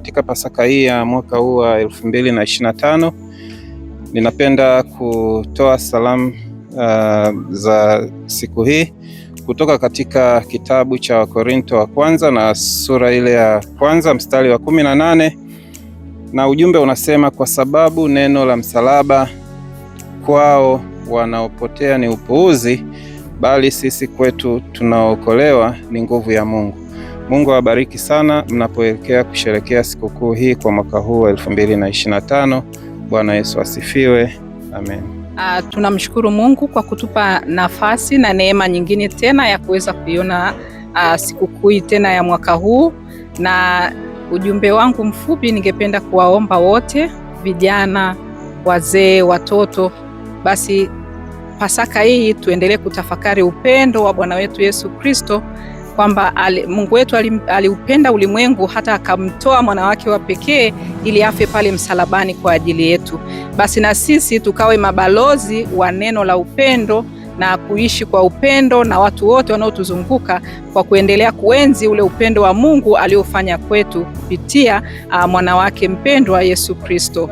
katika Pasaka hii ya mwaka huu wa elfu mbili na ishirini na tano ninapenda kutoa salamu uh, za siku hii kutoka katika kitabu cha Wakorinto wa kwanza na sura ile ya kwanza mstari wa kumi na nane na ujumbe unasema, kwa sababu neno la msalaba kwao wanaopotea ni upuuzi, bali sisi kwetu tunaookolewa ni nguvu ya Mungu. Mungu awabariki sana mnapoelekea kusherekea sikukuu hii kwa mwaka huu wa 2025. Bwana Yesu asifiwe. Amen. Uh, tunamshukuru Mungu kwa kutupa nafasi na neema nyingine tena ya kuweza kuiona uh, sikukuu hii tena ya mwaka huu, na ujumbe wangu mfupi, ningependa kuwaomba wote, vijana, wazee, watoto, basi Pasaka hii tuendelee kutafakari upendo wa Bwana wetu Yesu Kristo kwamba Mungu wetu aliupenda ali ulimwengu hata akamtoa mwanawake wa pekee ili afe pale msalabani kwa ajili yetu. Basi na sisi tukawe mabalozi wa neno la upendo na kuishi kwa upendo na watu wote wanaotuzunguka kwa kuendelea kuenzi ule upendo wa Mungu aliofanya kwetu kupitia ah, mwanawake mpendwa Yesu Kristo.